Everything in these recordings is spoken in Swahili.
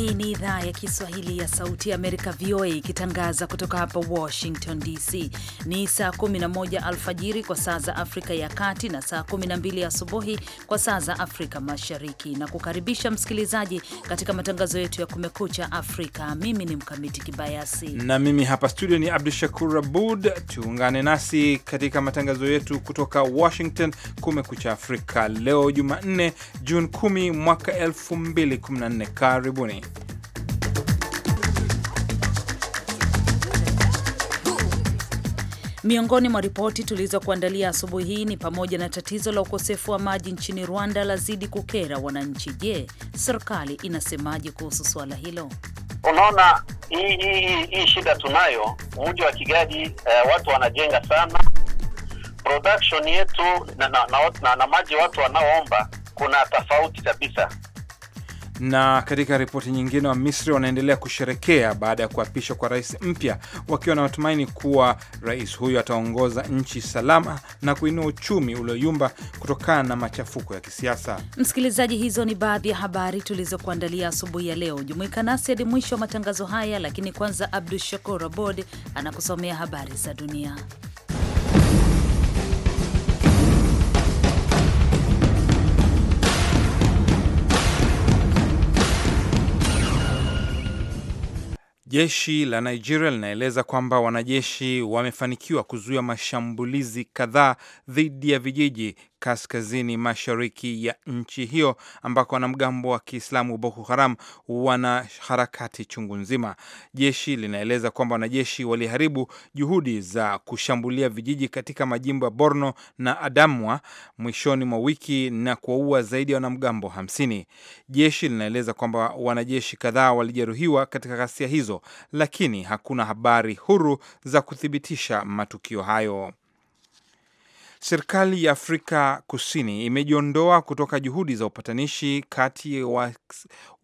Hii ni idhaa ya Kiswahili ya Sauti ya Amerika, VOA, ikitangaza kutoka hapa Washington DC. Ni saa 11 alfajiri kwa saa za Afrika ya Kati na saa 12 asubuhi kwa saa za Afrika Mashariki, na kukaribisha msikilizaji katika matangazo yetu ya Kumekucha Afrika. Mimi ni Mkamiti Kibayasi na mimi hapa studio ni Abdu Shakur Abud. Tuungane nasi katika matangazo yetu kutoka Washington, Kumekucha Afrika, leo Jumanne Juni 10 mwaka 2014. Karibuni. Miongoni mwa ripoti tulizokuandalia asubuhi hii ni pamoja na tatizo la ukosefu wa maji nchini Rwanda lazidi kukera wananchi. Je, serikali inasemaje kuhusu suala hilo? Unaona, hii hi, hi, shida tunayo mji wa Kigali. Uh, watu wanajenga sana production yetu na, na, na, na, na maji watu wanaoomba kuna tofauti kabisa. Na katika ripoti nyingine, wa Misri wanaendelea kusherekea baada ya kuapishwa kwa rais mpya, wakiwa na matumaini kuwa rais huyo ataongoza nchi salama na kuinua uchumi ulioyumba kutokana na machafuko ya kisiasa. Msikilizaji, hizo ni baadhi ya habari tulizokuandalia asubuhi ya leo. Jumuika nasi hadi mwisho wa matangazo haya, lakini kwanza Abdu Shakur Abod anakusomea habari za dunia. Jeshi la Nigeria linaeleza kwamba wanajeshi wamefanikiwa kuzuia mashambulizi kadhaa dhidi ya vijiji kaskazini mashariki ya nchi hiyo ambako wanamgambo wa Kiislamu Boko Haram wana harakati chungu nzima. Jeshi linaeleza kwamba wanajeshi waliharibu juhudi za kushambulia vijiji katika majimbo ya Borno na Adamwa mwishoni mwa wiki na kuwaua zaidi ya wanamgambo hamsini. Jeshi linaeleza kwamba wanajeshi kadhaa walijeruhiwa katika ghasia hizo, lakini hakuna habari huru za kuthibitisha matukio hayo. Serikali ya Afrika Kusini imejiondoa kutoka juhudi za upatanishi kati wa,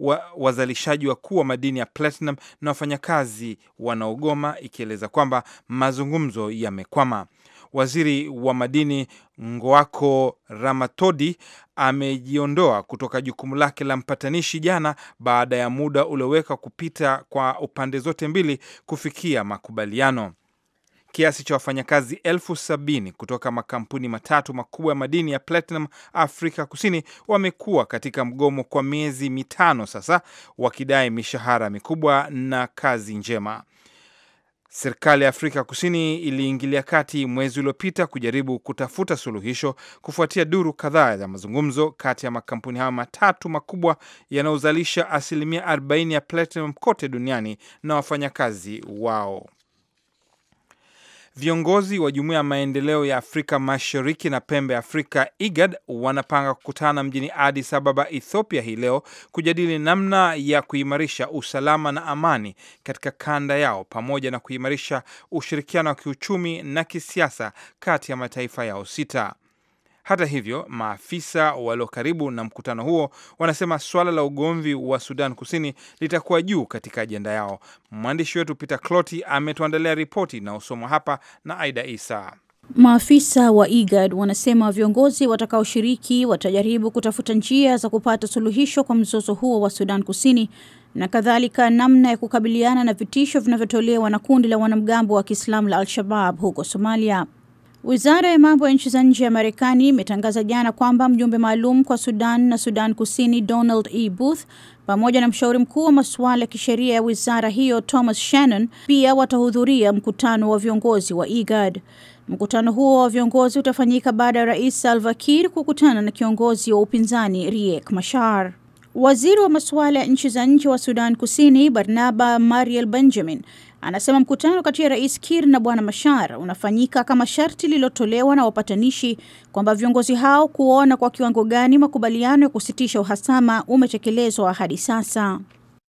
wa, wazalishaji wakuu wa madini ya platinum na wafanyakazi wanaogoma ikieleza kwamba mazungumzo yamekwama. Waziri wa madini Ngoako Ramatodi amejiondoa kutoka jukumu lake la mpatanishi jana baada ya muda ulioweka kupita kwa upande zote mbili kufikia makubaliano kiasi cha wafanyakazi elfu sabini kutoka makampuni matatu makubwa ya madini ya platinum Afrika Kusini wamekuwa katika mgomo kwa miezi mitano sasa, wakidai mishahara mikubwa na kazi njema. Serikali ya Afrika Kusini iliingilia kati mwezi uliopita kujaribu kutafuta suluhisho kufuatia duru kadhaa za mazungumzo kati ya makampuni hayo matatu makubwa yanayozalisha asilimia 40 ya platinum kote duniani na wafanyakazi wao. Viongozi wa Jumuiya ya Maendeleo ya Afrika Mashariki na Pembe ya Afrika IGAD wanapanga kukutana mjini Addis Ababa, Ethiopia hii leo kujadili namna ya kuimarisha usalama na amani katika kanda yao pamoja na kuimarisha ushirikiano wa kiuchumi na kisiasa kati ya mataifa yao sita. Hata hivyo, maafisa walio karibu na mkutano huo wanasema swala la ugomvi wa Sudan Kusini litakuwa juu katika ajenda yao. Mwandishi wetu Peter Cloti ametuandalia ripoti inayosomwa hapa na Aida Isa. Maafisa wa IGAD wanasema viongozi watakaoshiriki watajaribu kutafuta njia za kupata suluhisho kwa mzozo huo wa Sudan Kusini na kadhalika, namna ya kukabiliana na vitisho vinavyotolewa na kundi la wanamgambo wa Kiislamu la Al-Shabab huko Somalia. Wizara ya mambo ya nchi za nje ya Marekani imetangaza jana kwamba mjumbe maalum kwa Sudan na Sudan Kusini Donald E. Booth pamoja na mshauri mkuu wa masuala ya kisheria ya wizara hiyo Thomas Shannon pia watahudhuria mkutano wa viongozi wa IGAD. Mkutano huo wa viongozi utafanyika baada ya Rais Salva Kiir kukutana na kiongozi wa upinzani Riek Machar. Waziri wa masuala ya nchi za nje wa Sudan Kusini Barnaba Mariel Benjamin Anasema mkutano kati ya Rais kir na Bwana Mashar unafanyika kama sharti lililotolewa na wapatanishi kwamba viongozi hao kuona kwa kiwango gani makubaliano ya kusitisha uhasama umetekelezwa hadi sasa.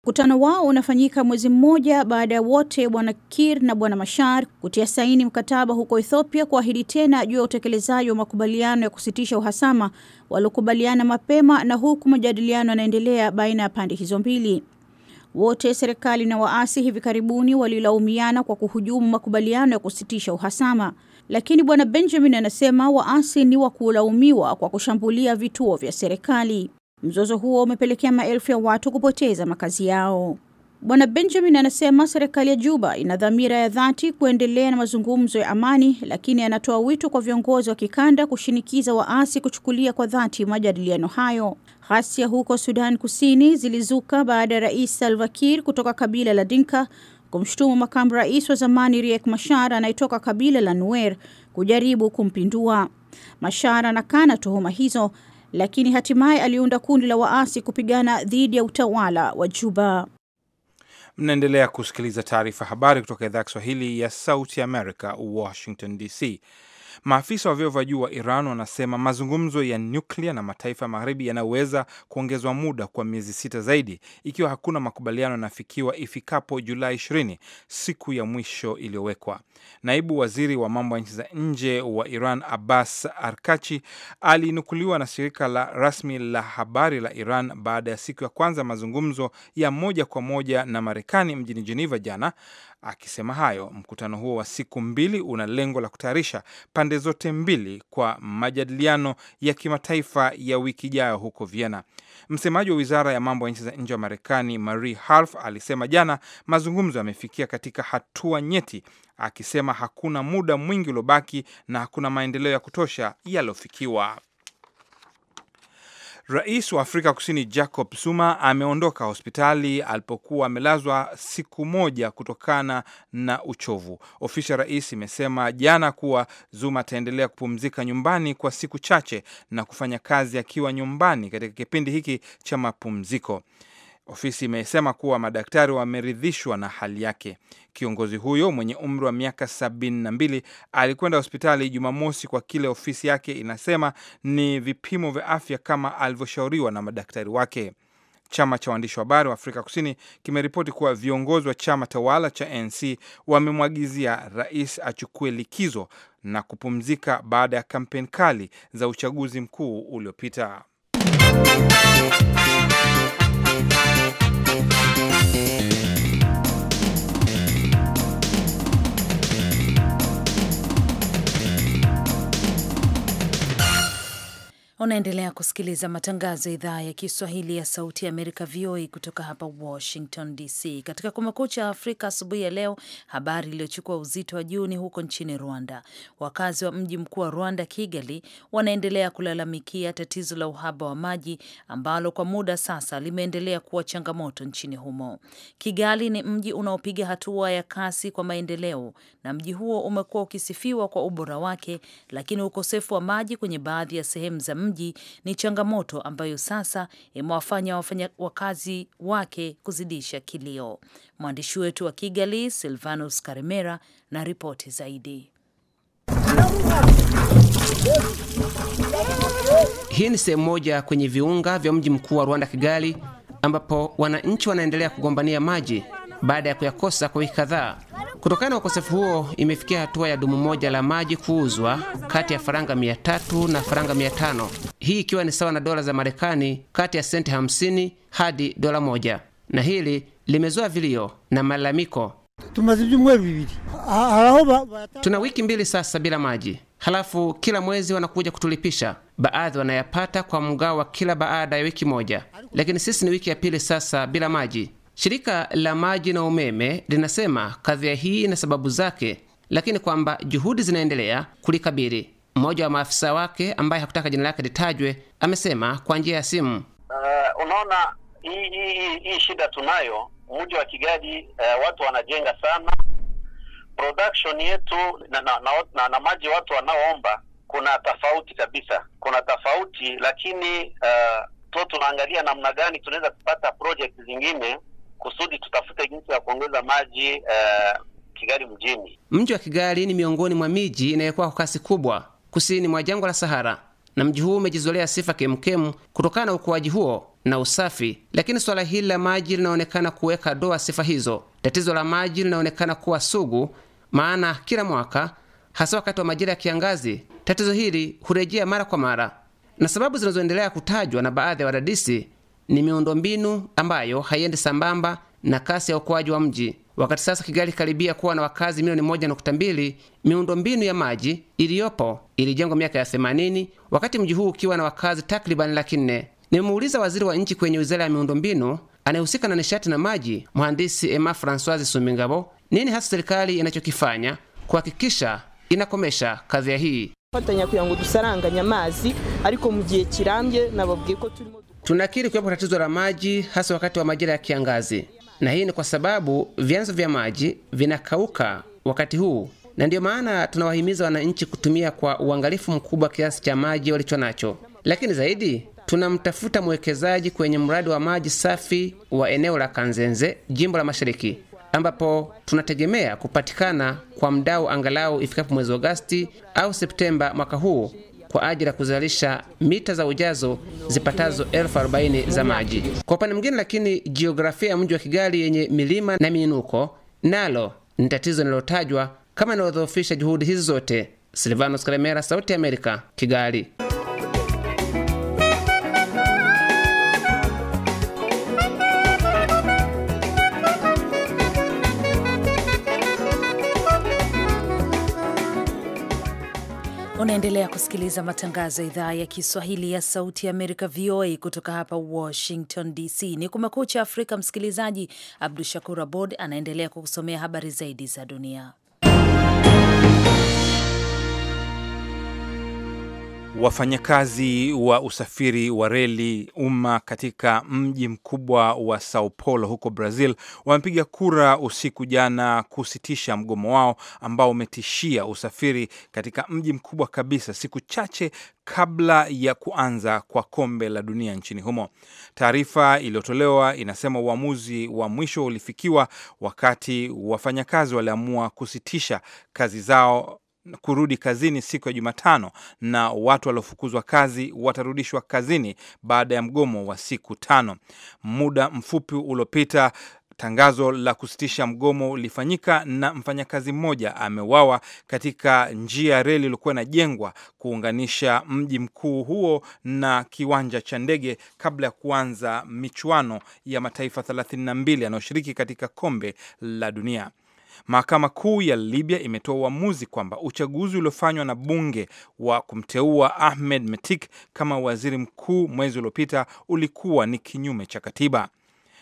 Mkutano wao unafanyika mwezi mmoja baada ya wote Bwana kir na Bwana Mashar kutia saini mkataba huko Ethiopia kuahidi tena juu ya utekelezaji wa makubaliano ya kusitisha uhasama waliokubaliana mapema, na huku majadiliano yanaendelea baina ya pande hizo mbili. Wote serikali na waasi hivi karibuni walilaumiana kwa kuhujumu makubaliano ya kusitisha uhasama, lakini bwana Benjamin anasema waasi ni wa kulaumiwa kwa kushambulia vituo vya serikali. Mzozo huo umepelekea maelfu ya watu kupoteza makazi yao. Bwana Benjamin anasema serikali ya Juba ina dhamira ya dhati kuendelea na mazungumzo ya amani, lakini anatoa wito kwa viongozi wa kikanda kushinikiza waasi kuchukulia kwa dhati majadiliano hayo. Ghasia huko Sudan Kusini zilizuka baada ya Rais Salva Kiir kutoka kabila la Dinka kumshutumu makamu rais wa zamani Riek Machar anayetoka kabila la Nuer kujaribu kumpindua. Machar anakana tuhuma hizo, lakini hatimaye aliunda kundi la waasi kupigana dhidi ya utawala wa Juba. Mnaendelea kusikiliza taarifa habari kutoka idhaa ya Kiswahili ya Sauti America, Washington DC. Maafisa wa vyeo vya juu wa Iran wanasema mazungumzo ya nyuklia na mataifa ya magharibi yanaweza kuongezwa muda kwa miezi sita zaidi ikiwa hakuna makubaliano yanafikiwa ifikapo Julai 20, siku ya mwisho iliyowekwa. Naibu waziri wa mambo ya nchi za nje wa Iran Abbas Arkachi alinukuliwa na shirika la rasmi la habari la Iran baada ya siku ya kwanza mazungumzo ya moja kwa moja na Marekani mjini Jeneva jana Akisema hayo, mkutano huo wa siku mbili una lengo la kutayarisha pande zote mbili kwa majadiliano ya kimataifa ya wiki ijayo huko Vienna. Msemaji wa wizara ya mambo ya nchi za nje wa Marekani, Marie Harf, alisema jana mazungumzo yamefikia katika hatua nyeti, akisema hakuna muda mwingi uliobaki na hakuna maendeleo ya kutosha yaliyofikiwa. Rais wa Afrika Kusini Jacob Zuma ameondoka hospitali alipokuwa amelazwa siku moja kutokana na uchovu. Ofisi ya rais imesema jana kuwa Zuma ataendelea kupumzika nyumbani kwa siku chache na kufanya kazi akiwa nyumbani katika kipindi hiki cha mapumziko. Ofisi imesema kuwa madaktari wameridhishwa na hali yake. Kiongozi huyo mwenye umri wa miaka sabini na mbili alikwenda hospitali Jumamosi kwa kile ofisi yake inasema ni vipimo vya afya kama alivyoshauriwa na madaktari wake. Chama cha waandishi wa habari wa Afrika Kusini kimeripoti kuwa viongozi wa chama tawala cha NC wamemwagizia rais achukue likizo na kupumzika baada ya kampeni kali za uchaguzi mkuu uliopita. Unaendelea kusikiliza matangazo ya idhaa ya Kiswahili ya Sauti ya Amerika, VOA, kutoka hapa Washington DC. Katika Kumekucha Afrika asubuhi ya leo, habari iliyochukua uzito wa juu ni huko nchini Rwanda. Wakazi wa mji mkuu wa Rwanda, Kigali, wanaendelea kulalamikia tatizo la uhaba wa maji ambalo kwa muda sasa limeendelea kuwa changamoto nchini humo. Kigali ni mji unaopiga hatua ya kasi kwa maendeleo na mji huo umekuwa ukisifiwa kwa ubora wake, lakini ukosefu wa maji kwenye baadhi ya sehemu za mji mji ni changamoto ambayo sasa imewafanya wafanya wakazi wake kuzidisha kilio. Mwandishi wetu wa Kigali Silvanus Karimera na ripoti zaidi. Hii ni sehemu moja kwenye viunga vya mji mkuu wa Rwanda, Kigali, ambapo wananchi wanaendelea kugombania maji baada ya kuyakosa kwa wiki kadhaa. Kutokana na ukosefu huo, imefikia hatua ya dumu moja la maji kuuzwa kati ya faranga 300 na faranga 500, hii ikiwa ni sawa na dola za Marekani kati ya senti 50 hadi dola moja, na hili limezua vilio na malalamiko. Tuna wiki mbili sasa bila maji, halafu kila mwezi wanakuja kutulipisha. Baadhi wanayapata kwa mgao wa kila baada ya wiki moja, lakini sisi ni wiki ya pili sasa bila maji. Shirika la maji na umeme linasema kadhia hii ina sababu zake, lakini kwamba juhudi zinaendelea kulikabili. Mmoja wa maafisa wake ambaye hakutaka jina lake litajwe amesema kwa njia ya simu. Uh, unaona hii hi, hi shida tunayo mji wa Kigali. Uh, watu wanajenga sana production yetu na, na, na, na, na maji watu wanaoomba, kuna tofauti kabisa, kuna tofauti lakini uh, tu tunaangalia namna gani tunaweza kupata project zingine kusudi tutafute jinsi ya kuongeza maji uh, Kigali mjini. Mji wa Kigali ni miongoni mwa miji inayokuwa kwa kasi kubwa kusini mwa jangwa la Sahara, na mji huu umejizolea sifa kemkemu kutokana na ukuaji huo na usafi, lakini swala hili la maji linaonekana kuweka doa sifa hizo. Tatizo la maji linaonekana kuwa sugu, maana kila mwaka, hasa wakati wa majira ya kiangazi, tatizo hili hurejea mara kwa mara, na sababu zinazoendelea kutajwa na baadhi ya wadadisi ni miundombinu ambayo haiendi sambamba na kasi ya ukuaji wa mji. Wakati sasa Kigali karibia kuwa na wakazi milioni moja nukta mbili, miundombinu ya maji iliyopo ilijengwa miaka ya themanini, wakati mji huu ukiwa na wakazi takribani laki nne. Nimemuuliza waziri wa nchi kwenye wizara ya miundombinu anayehusika na nishati na maji, mhandisi Emma Francoise Sumingabo, nini hasa serikali inachokifanya kuhakikisha inakomesha kazi ya hii. Tunakiri kuwepo tatizo la maji hasa wakati wa majira ya kiangazi, na hii ni kwa sababu vyanzo vya maji vinakauka wakati huu, na ndiyo maana tunawahimiza wananchi kutumia kwa uangalifu mkubwa kiasi cha maji walicho nacho, lakini zaidi tunamtafuta mwekezaji kwenye mradi wa maji safi wa eneo la Kanzenze, jimbo la Mashariki, ambapo tunategemea kupatikana kwa mdau angalau ifikapo mwezi Agosti au Septemba mwaka huu kwa ajili ya kuzalisha mita za ujazo zipatazo elfu arobaini za maji. Kwa upande mwingine, lakini jiografia ya mji wa Kigali yenye milima na miinuko nalo ni tatizo linalotajwa kama inayodhoofisha juhudi hizi zote. Silvanos Karemera, Sauti ya Amerika, Kigali. Unaendelea kusikiliza matangazo ya idhaa ya Kiswahili ya Sauti ya Amerika, VOA, kutoka hapa Washington DC. Ni Kumekucha Afrika. Msikilizaji, Abdu Shakur Abod anaendelea kukusomea habari zaidi za dunia. Wafanyakazi wa usafiri wa reli umma katika mji mkubwa wa Sao Paulo huko Brazil wamepiga kura usiku jana kusitisha mgomo wao ambao umetishia usafiri katika mji mkubwa kabisa siku chache kabla ya kuanza kwa kombe la dunia nchini humo. Taarifa iliyotolewa inasema uamuzi wa mwisho ulifikiwa wakati wafanyakazi waliamua kusitisha kazi zao kurudi kazini siku ya Jumatano na watu waliofukuzwa kazi watarudishwa kazini baada ya mgomo wa siku tano. Muda mfupi uliopita tangazo la kusitisha mgomo lilifanyika na mfanyakazi mmoja ameuawa katika njia ya reli iliyokuwa inajengwa kuunganisha mji mkuu huo na kiwanja cha ndege kabla ya kuanza michuano ya mataifa 32 yanayoshiriki katika kombe la dunia. Mahakama Kuu ya Libya imetoa uamuzi kwamba uchaguzi uliofanywa na bunge wa kumteua Ahmed Metik kama waziri mkuu mwezi uliopita ulikuwa ni kinyume cha katiba.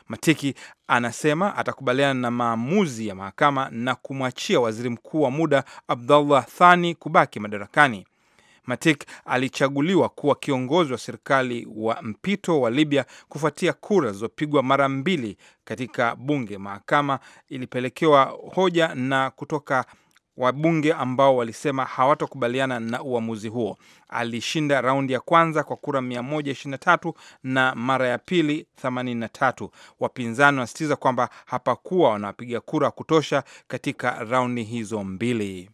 Matiki anasema atakubaliana na maamuzi ya mahakama na kumwachia waziri mkuu wa muda Abdullah Thani kubaki madarakani. Matik alichaguliwa kuwa kiongozi wa serikali wa mpito wa Libya kufuatia kura zilizopigwa mara mbili katika bunge. Mahakama ilipelekewa hoja na kutoka wabunge ambao walisema hawatokubaliana na uamuzi huo. Alishinda raundi ya kwanza kwa kura 123 na mara ya pili 83. Wapinzani wanasitiza kwamba hapakuwa wanapiga kura kutosha katika raundi hizo mbili.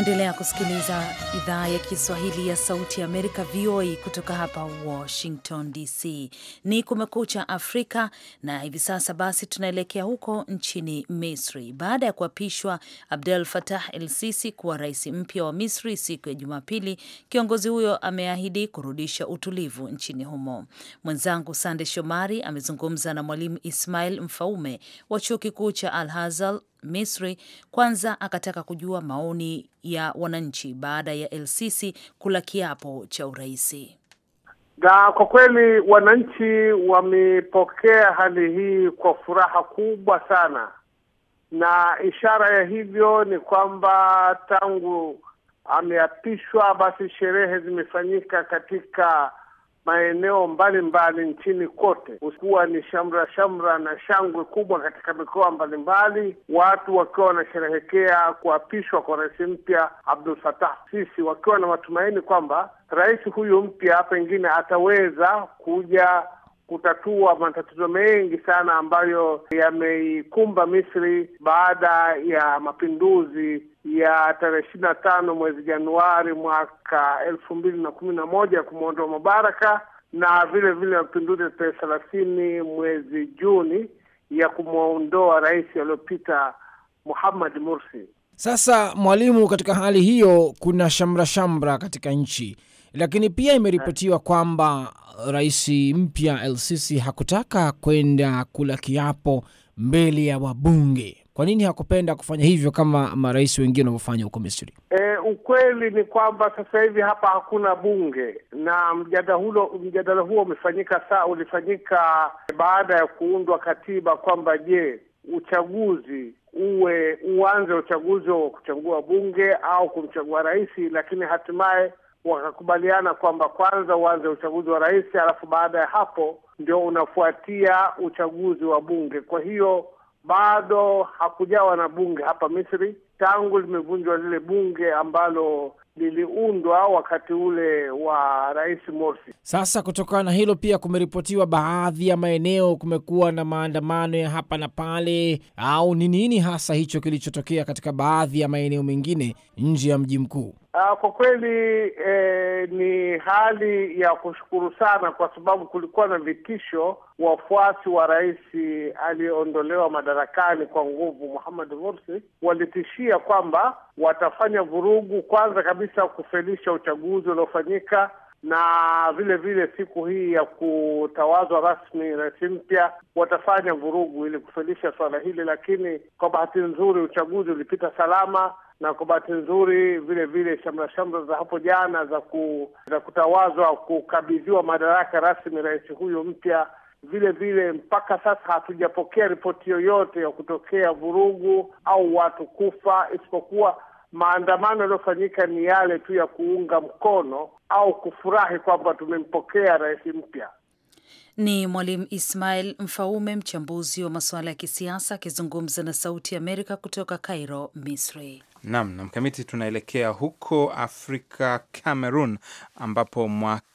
Unaendelea kusikiliza idhaa ya Kiswahili ya Sauti ya Amerika, VOA, kutoka hapa Washington DC. Ni Kumekucha Afrika, na hivi sasa basi tunaelekea huko nchini Misri baada ya kuapishwa Abdel Fattah El Sisi kuwa rais mpya wa Misri siku ya Jumapili. Kiongozi huyo ameahidi kurudisha utulivu nchini humo. Mwenzangu Sande Shomari amezungumza na Mwalimu Ismail Mfaume wa Chuo Kikuu cha Al Misri kwanza akataka kujua maoni ya wananchi baada ya El Sisi kula kiapo cha uraisi. Na kwa kweli wananchi wamepokea hali hii kwa furaha kubwa sana, na ishara ya hivyo ni kwamba tangu ameapishwa, basi sherehe zimefanyika katika maeneo mbalimbali nchini kote, usikuwa ni shamra shamra na shangwe kubwa katika mikoa mbalimbali, watu wakiwa wanasherehekea kuapishwa kwa rais mpya Abdul Fatah Sisi, wakiwa na matumaini kwamba rais huyu mpya pengine ataweza kuja kutatua matatizo mengi sana ambayo yameikumba Misri baada ya mapinduzi ya tarehe ishirini na tano mwezi Januari mwaka elfu mbili na kumi na moja kumwondoa Mabaraka na vile vile mapinduzi ya tarehe thelathini mwezi Juni ya kumwondoa rais aliyopita Muhammad Mursi. Sasa mwalimu, katika hali hiyo kuna shamra shamra katika nchi lakini pia imeripotiwa eh. kwamba rais mpya lcc hakutaka kwenda kula kiapo mbele ya wabunge. Kwa nini hakupenda kufanya hivyo kama marais wengine wanavyofanya huko Misri? E, ukweli ni kwamba sasa hivi hapa hakuna bunge na mjadala huo mjadala huo umefanyika saa ulifanyika baada ya kuundwa katiba kwamba je, uchaguzi uwe uanze uchaguzi wa kuchagua bunge au kumchagua rais, lakini hatimaye wakakubaliana kwamba kwanza uanze uchaguzi wa rais, alafu baada ya hapo ndio unafuatia uchaguzi wa bunge. Kwa hiyo bado hakujawa na bunge hapa Misri tangu limevunjwa lile bunge ambalo liliundwa wakati ule wa rais Morsi. Sasa kutokana na hilo pia kumeripotiwa baadhi ya maeneo kumekuwa na maandamano ya hapa na pale, au ni nini hasa hicho kilichotokea katika baadhi ya maeneo mengine nje ya mji mkuu? Uh, kwa kweli eh, ni hali ya kushukuru sana kwa sababu kulikuwa na vitisho. Wafuasi wa rais aliyeondolewa madarakani kwa nguvu Muhammad Morsi walitishia kwamba watafanya vurugu, kwanza kabisa kufelisha uchaguzi uliofanyika na vile vile siku hii ya kutawazwa rasmi rais mpya watafanya vurugu ili kufelisha suala hili, lakini kwa bahati nzuri uchaguzi ulipita salama na kwa bahati nzuri vile vile shamra shamra za hapo jana za, ku, za kutawazwa kukabidhiwa madaraka rasmi rais huyu mpya, vile vile mpaka sasa hatujapokea ripoti yoyote ya kutokea vurugu au watu kufa, isipokuwa maandamano yaliyofanyika ni yale tu ya kuunga mkono au kufurahi kwamba tumempokea rais mpya. Ni Mwalimu Ismail Mfaume, mchambuzi wa masuala ya kisiasa, akizungumza na Sauti ya Amerika kutoka Cairo, Misri. Nam na mkamiti, tunaelekea huko Afrika, Cameroon, ambapo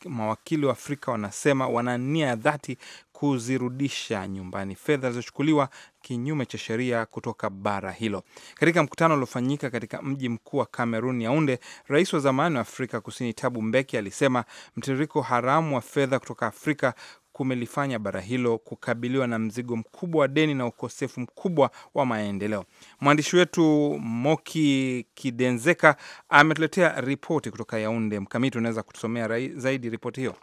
mawakili wa Afrika wanasema wana nia ya dhati kuzirudisha nyumbani fedha zilizochukuliwa kinyume cha sheria kutoka bara hilo. Katika mkutano uliofanyika katika mji mkuu wa Kamerun, Yaunde, rais wa zamani wa Afrika Kusini Tabu Mbeki alisema mtiririko haramu wa fedha kutoka Afrika kumelifanya bara hilo kukabiliwa na mzigo mkubwa wa deni na ukosefu mkubwa wa maendeleo. Mwandishi wetu Moki Kidenzeka ametuletea ripoti kutoka Yaunde. Mkamiti, unaweza kutusomea zaidi ripoti hiyo?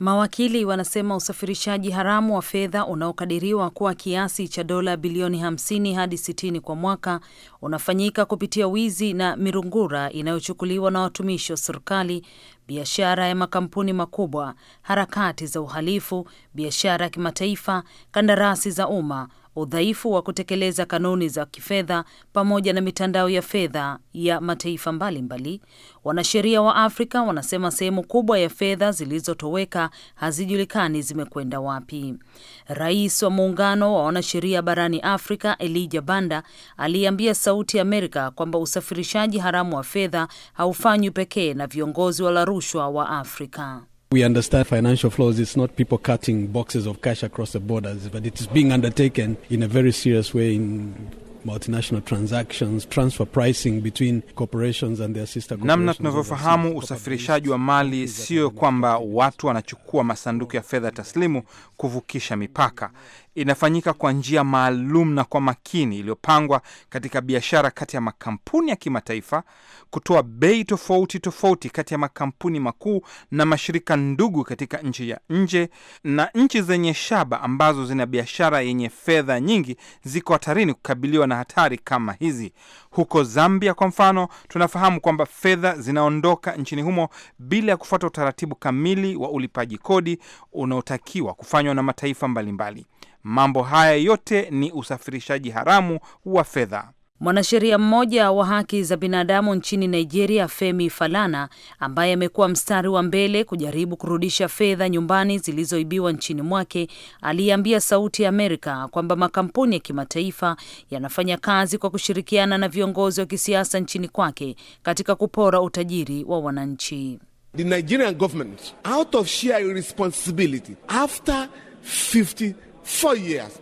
Mawakili wanasema usafirishaji haramu wa fedha unaokadiriwa kuwa kiasi cha dola bilioni 50 hadi 60 kwa mwaka unafanyika kupitia wizi na mirungura inayochukuliwa na watumishi wa serikali, biashara ya makampuni makubwa, harakati za uhalifu, biashara ya kimataifa, kandarasi za umma udhaifu wa kutekeleza kanuni za kifedha pamoja na mitandao ya fedha ya mataifa mbalimbali. Wanasheria wa Afrika wanasema sehemu kubwa ya fedha zilizotoweka hazijulikani zimekwenda wapi. Rais wa muungano wa wanasheria barani Afrika Elijah Banda aliambia Sauti ya Amerika kwamba usafirishaji haramu wa fedha haufanywi pekee na viongozi wala rushwa wa Afrika. We understand financial flows. It's not people cutting boxes of cash across the borders, but it is being undertaken in a very serious way in multinational transactions, transfer pricing between corporations and their sister corporations. Namna tunavyofahamu usafirishaji wa mali sio kwamba watu wanachukua masanduku ya fedha taslimu kuvukisha mipaka inafanyika kwa njia maalum na kwa makini iliyopangwa katika biashara kati ya makampuni ya kimataifa, kutoa bei tofauti tofauti kati ya makampuni makuu na mashirika ndugu katika nchi ya nje, na nchi zenye shaba ambazo zina biashara yenye fedha nyingi ziko hatarini kukabiliwa na hatari kama hizi. Huko Zambia kwa mfano, tunafahamu kwamba fedha zinaondoka nchini humo bila ya kufuata utaratibu kamili wa ulipaji kodi unaotakiwa kufanywa na mataifa mbalimbali mbali. Mambo haya yote ni usafirishaji haramu wa fedha. Mwanasheria mmoja wa haki za binadamu nchini Nigeria, Femi Falana, ambaye amekuwa mstari wa mbele kujaribu kurudisha fedha nyumbani zilizoibiwa nchini mwake, aliambia Sauti ya Amerika kwamba makampuni ya kimataifa yanafanya kazi kwa kushirikiana na viongozi wa kisiasa nchini kwake katika kupora utajiri wa wananchi. The Nigerian government out of sheer irresponsibility after 50 four years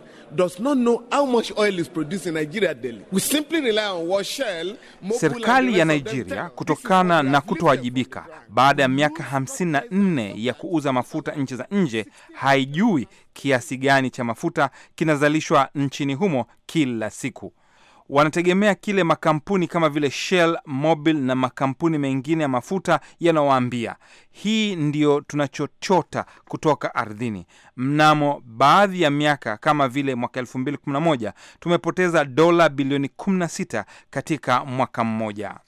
Serikali ya Nigeria kutokana na kutowajibika baada ya miaka 54 ya kuuza mafuta nchi za nje haijui kiasi gani cha mafuta kinazalishwa nchini humo kila siku wanategemea kile makampuni kama vile Shell, Mobil na makampuni mengine ya mafuta yanawaambia. Hii ndiyo tunachochota kutoka ardhini. Mnamo baadhi ya miaka kama vile mwaka 2011 tumepoteza dola bilioni 16 katika mwaka mmoja.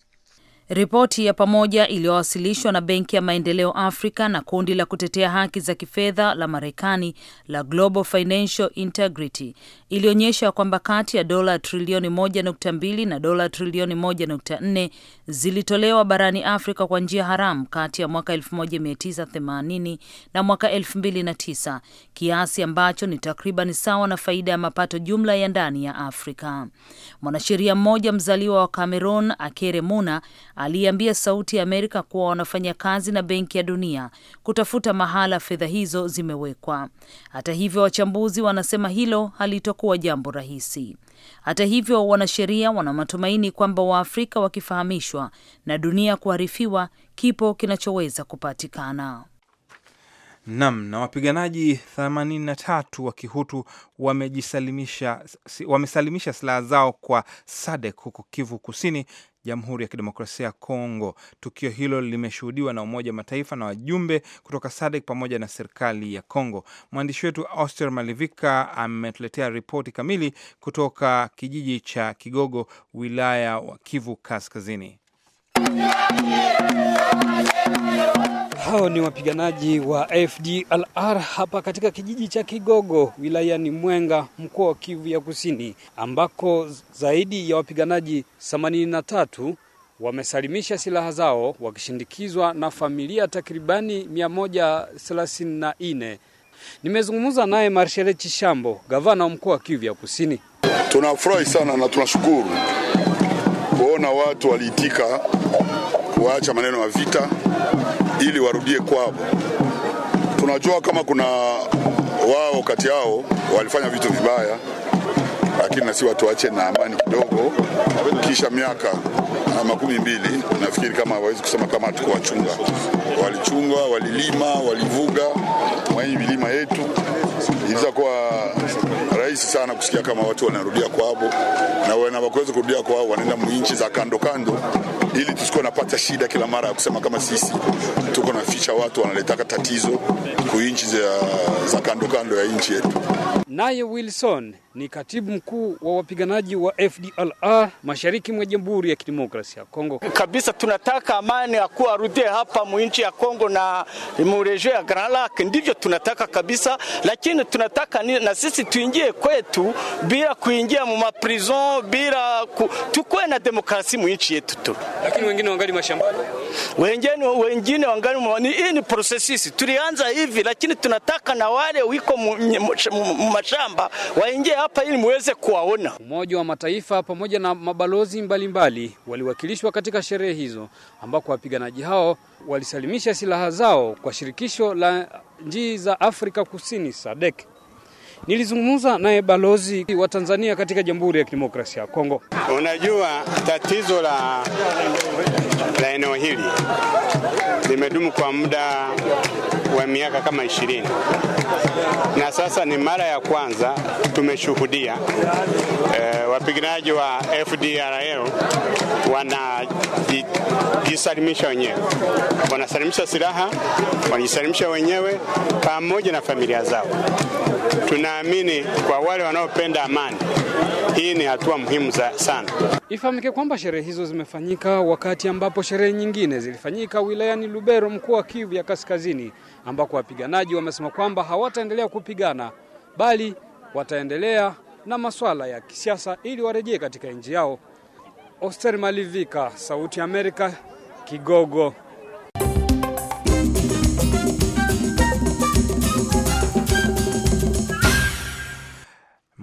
Ripoti ya pamoja iliyowasilishwa na Benki ya Maendeleo Afrika na kundi la kutetea haki za kifedha la Marekani la Global Financial Integrity ilionyesha kwamba kati ya dola trilioni 1.2 na dola trilioni 1.4 zilitolewa barani Afrika kwa njia haramu kati ya mwaka 1980 na mwaka 2009, kiasi ambacho ni takriban sawa na faida ya mapato jumla ya ndani ya Afrika. Mwanasheria mmoja mzaliwa wa Cameroon, Akere Muna, aliambia Sauti ya Amerika kuwa wanafanya kazi na Benki ya Dunia kutafuta mahala fedha hizo zimewekwa. Hata hivyo, wachambuzi wanasema hilo halitokuwa jambo rahisi. Hata hivyo, wanasheria wana matumaini kwamba Waafrika wakifahamishwa na dunia kuharifiwa, kipo kinachoweza kupatikana. Nam na wapiganaji 83 wa Kihutu wamejisalimisha wamesalimisha silaha zao kwa SADC huko Kivu Kusini, Jamhuri ya Kidemokrasia ya Kongo. Tukio hilo limeshuhudiwa na Umoja wa Mataifa na wajumbe kutoka SADC pamoja na serikali ya Kongo. Mwandishi wetu Auster Malivika ametuletea ripoti kamili kutoka kijiji cha Kigogo, wilaya wa Kivu Kaskazini. Hao ni wapiganaji wa FDLR hapa katika kijiji cha Kigogo wilayani Mwenga mkoa wa Kivu ya Kusini, ambako zaidi ya wapiganaji 83 wamesalimisha silaha zao wakishindikizwa na familia takribani 134. Nimezungumza naye Marshal Chishambo, gavana wa mkoa wa Kivu ya Kusini. Tunafurahi sana na tunashukuru kuona watu waliitika kuacha maneno ya vita ili warudie kwao. Tunajua kama kuna wao kati yao walifanya vitu vibaya, lakini nasi watuache na amani kidogo. Kisha miaka makumi mbili nafikiri kama hawawezi kusema kama hatukuwachunga. Walichunga, walilima, walivuga mwenye milima yetu. Iliweza kuwa rahisi sana kusikia kama watu wanarudia kwao, na wanawakuweza kurudia kwao, wanaenda mwinchi za kando kando ili tusikuwa napata shida kila mara ya kusema kama sisi tuko na ficha watu wanaletaka tatizo ku za, za kando kando ya nchi yetu. Naye Wilson ni katibu mkuu wa wapiganaji wa FDLR mashariki mwa Jamhuri ya Kidemokrasia ya Kongo. Kabisa tunataka amani akuwa arudie hapa mwinchi ya Kongo na mureje ya Grand Lac, ndivyo tunataka kabisa, lakini tunataka na sisi tuingie kwetu bila kuingia mu maprison, bila ku, tukue na demokrasia mwinchi yetu tu, lakini wengine wangali mashambani, wengine wengine wangali mwani. Hii ni processes tulianza hivi, lakini tunataka na wale wiko mu mashamba waingie hapa ili muweze kuwaona. Umoja wa Mataifa pamoja na mabalozi mbalimbali waliwakilishwa katika sherehe hizo, ambako wapiganaji hao walisalimisha silaha zao kwa shirikisho la nchi za Afrika Kusini SADC. Nilizungumza naye balozi wa Tanzania katika Jamhuri ya Kidemokrasia ya Kongo. Unajua, tatizo la, la eneo hili limedumu kwa muda wa miaka kama ishirini na sasa ni mara ya kwanza tumeshuhudia e, wapiganaji wa fdrl wanajisalimisha wenyewe, wanasalimisha silaha, wanajisalimisha wenyewe pamoja na familia zao. Tunaamini kwa wale wanaopenda amani, hii ni hatua muhimu sana. Ifahamike kwamba sherehe hizo zimefanyika wakati ambapo sherehe nyingine zilifanyika wilayani Lubero, mkoa wa Kivu ya Kaskazini ambako wapiganaji wamesema kwamba hawataendelea kupigana bali wataendelea na masuala ya kisiasa ili warejee katika nchi yao. Oster Malivika, Sauti ya Amerika, Kigogo.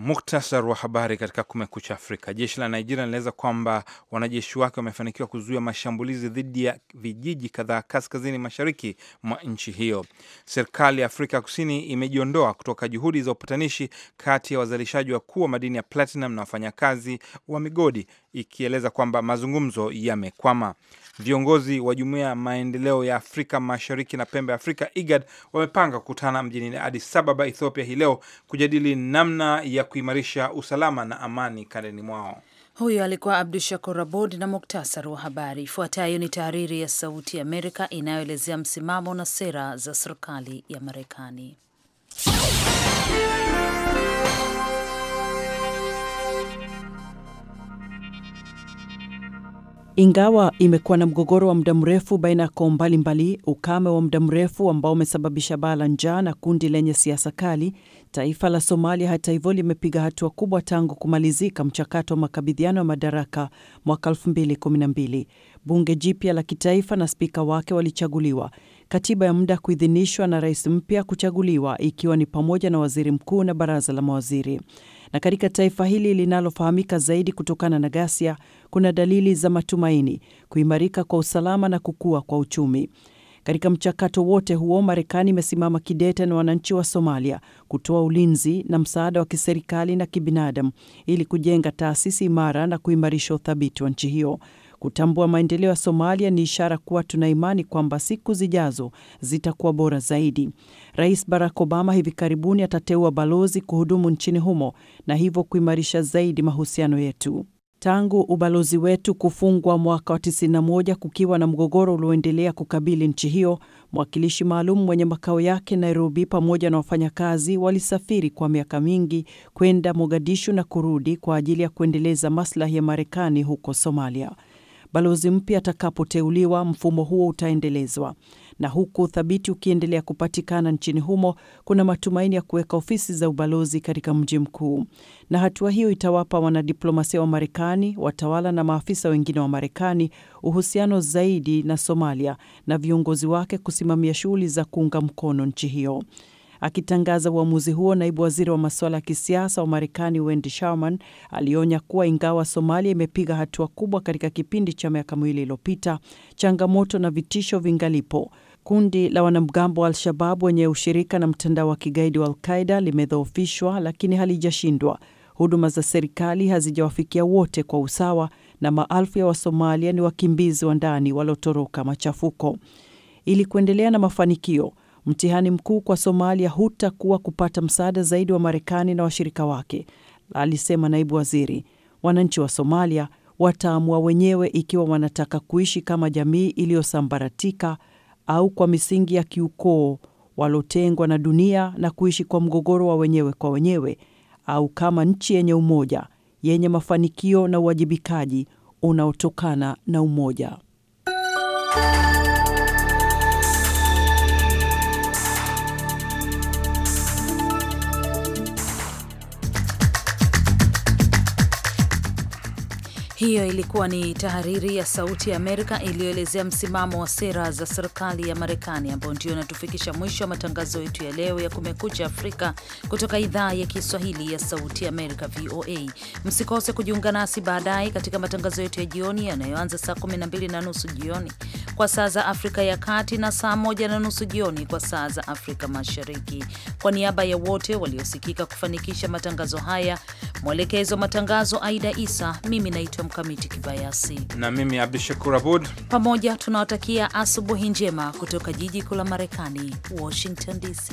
Muktasar wa habari katika Kumekucha Afrika. Jeshi la Nigeria linaeleza kwamba wanajeshi wake wamefanikiwa kuzuia mashambulizi dhidi ya vijiji kadhaa kaskazini mashariki mwa nchi hiyo. Serikali ya Afrika Kusini imejiondoa kutoka juhudi za upatanishi kati ya wazalishaji wakuu wa madini ya platinum na wafanyakazi wa migodi, ikieleza kwamba mazungumzo yamekwama. Viongozi wa Jumuiya ya Maendeleo ya Afrika Mashariki na Pembe ya Afrika IGAD wamepanga kukutana mjini Addis Ababa, Ethiopia hii leo kujadili namna ya kuimarisha usalama na amani kareni mwao. Huyo alikuwa Abdu Shakur Abud na muktasari wa habari. Ifuatayo ni tahariri ya Sauti ya Amerika inayoelezea msimamo na sera za serikali ya Marekani. Ingawa imekuwa na mgogoro wa muda mrefu baina ya koo mbalimbali, ukame wa muda mrefu ambao umesababisha baa la njaa na kundi lenye siasa kali, taifa la Somalia hata hivyo limepiga hatua kubwa tangu kumalizika mchakato wa makabidhiano ya madaraka mwaka 2012. Bunge jipya la kitaifa na spika wake walichaguliwa, katiba ya muda kuidhinishwa na rais mpya kuchaguliwa, ikiwa ni pamoja na waziri mkuu na baraza la mawaziri na katika taifa hili linalofahamika zaidi kutokana na ghasia, kuna dalili za matumaini, kuimarika kwa usalama na kukua kwa uchumi. Katika mchakato wote huo, Marekani imesimama kidete na wananchi wa Somalia kutoa ulinzi na msaada wa kiserikali na kibinadamu ili kujenga taasisi imara na kuimarisha uthabiti wa nchi hiyo. Kutambua maendeleo ya Somalia ni ishara kuwa tuna imani kwamba siku zijazo zitakuwa bora zaidi. Rais Barack Obama hivi karibuni atateua balozi kuhudumu nchini humo na hivyo kuimarisha zaidi mahusiano yetu. Tangu ubalozi wetu kufungwa mwaka wa 91 kukiwa na mgogoro ulioendelea kukabili nchi hiyo, mwakilishi maalum mwenye makao yake Nairobi pamoja na wafanyakazi walisafiri kwa miaka mingi kwenda Mogadishu na kurudi kwa ajili ya kuendeleza maslahi ya Marekani huko Somalia balozi mpya atakapoteuliwa, mfumo huo utaendelezwa. Na huku uthabiti ukiendelea kupatikana nchini humo, kuna matumaini ya kuweka ofisi za ubalozi katika mji mkuu, na hatua hiyo itawapa wanadiplomasia wa Marekani, watawala na maafisa wengine wa Marekani uhusiano zaidi na Somalia na viongozi wake kusimamia shughuli za kuunga mkono nchi hiyo. Akitangaza uamuzi huo, naibu waziri wa masuala ya kisiasa wa Marekani Wendy Sherman alionya kuwa ingawa Somalia imepiga hatua kubwa katika kipindi cha miaka miwili iliyopita, changamoto na vitisho vingalipo. Kundi la wanamgambo wa Al-Shabab wenye ushirika na mtandao wa kigaidi wa Al-Qaida limedhoofishwa lakini halijashindwa. Huduma za serikali hazijawafikia wote kwa usawa, na maelfu ya Wasomalia ni wakimbizi wa ndani waliotoroka machafuko. Ili kuendelea na mafanikio Mtihani mkuu kwa Somalia hutakuwa kupata msaada zaidi wa Marekani na washirika wake, alisema naibu waziri. Wananchi wa Somalia wataamua wenyewe ikiwa wanataka kuishi kama jamii iliyosambaratika au kwa misingi ya kiukoo walotengwa na dunia na kuishi kwa mgogoro wa wenyewe kwa wenyewe au kama nchi yenye umoja yenye mafanikio na uwajibikaji unaotokana na umoja. Hiyo ilikuwa ni tahariri ya Sauti ya Amerika iliyoelezea msimamo wa sera za serikali ya Marekani, ambayo ndio inatufikisha mwisho wa matangazo yetu ya leo ya Kumekucha Afrika kutoka idhaa ya Kiswahili ya Sauti ya Amerika, VOA. Msikose kujiunga nasi baadaye katika matangazo yetu ya jioni yanayoanza saa 12 na nusu jioni kwa saa za Afrika ya Kati na saa moja na nusu jioni kwa saa za Afrika Mashariki. Kwa niaba ya wote waliosikika kufanikisha matangazo haya, mwelekezo wa matangazo Aida Isa, mimi naitwa Mkamiti Kibayasi na mimi Abdu Shakur Abud. Pamoja tunawatakia asubuhi njema kutoka jiji kuu la Marekani, Washington DC.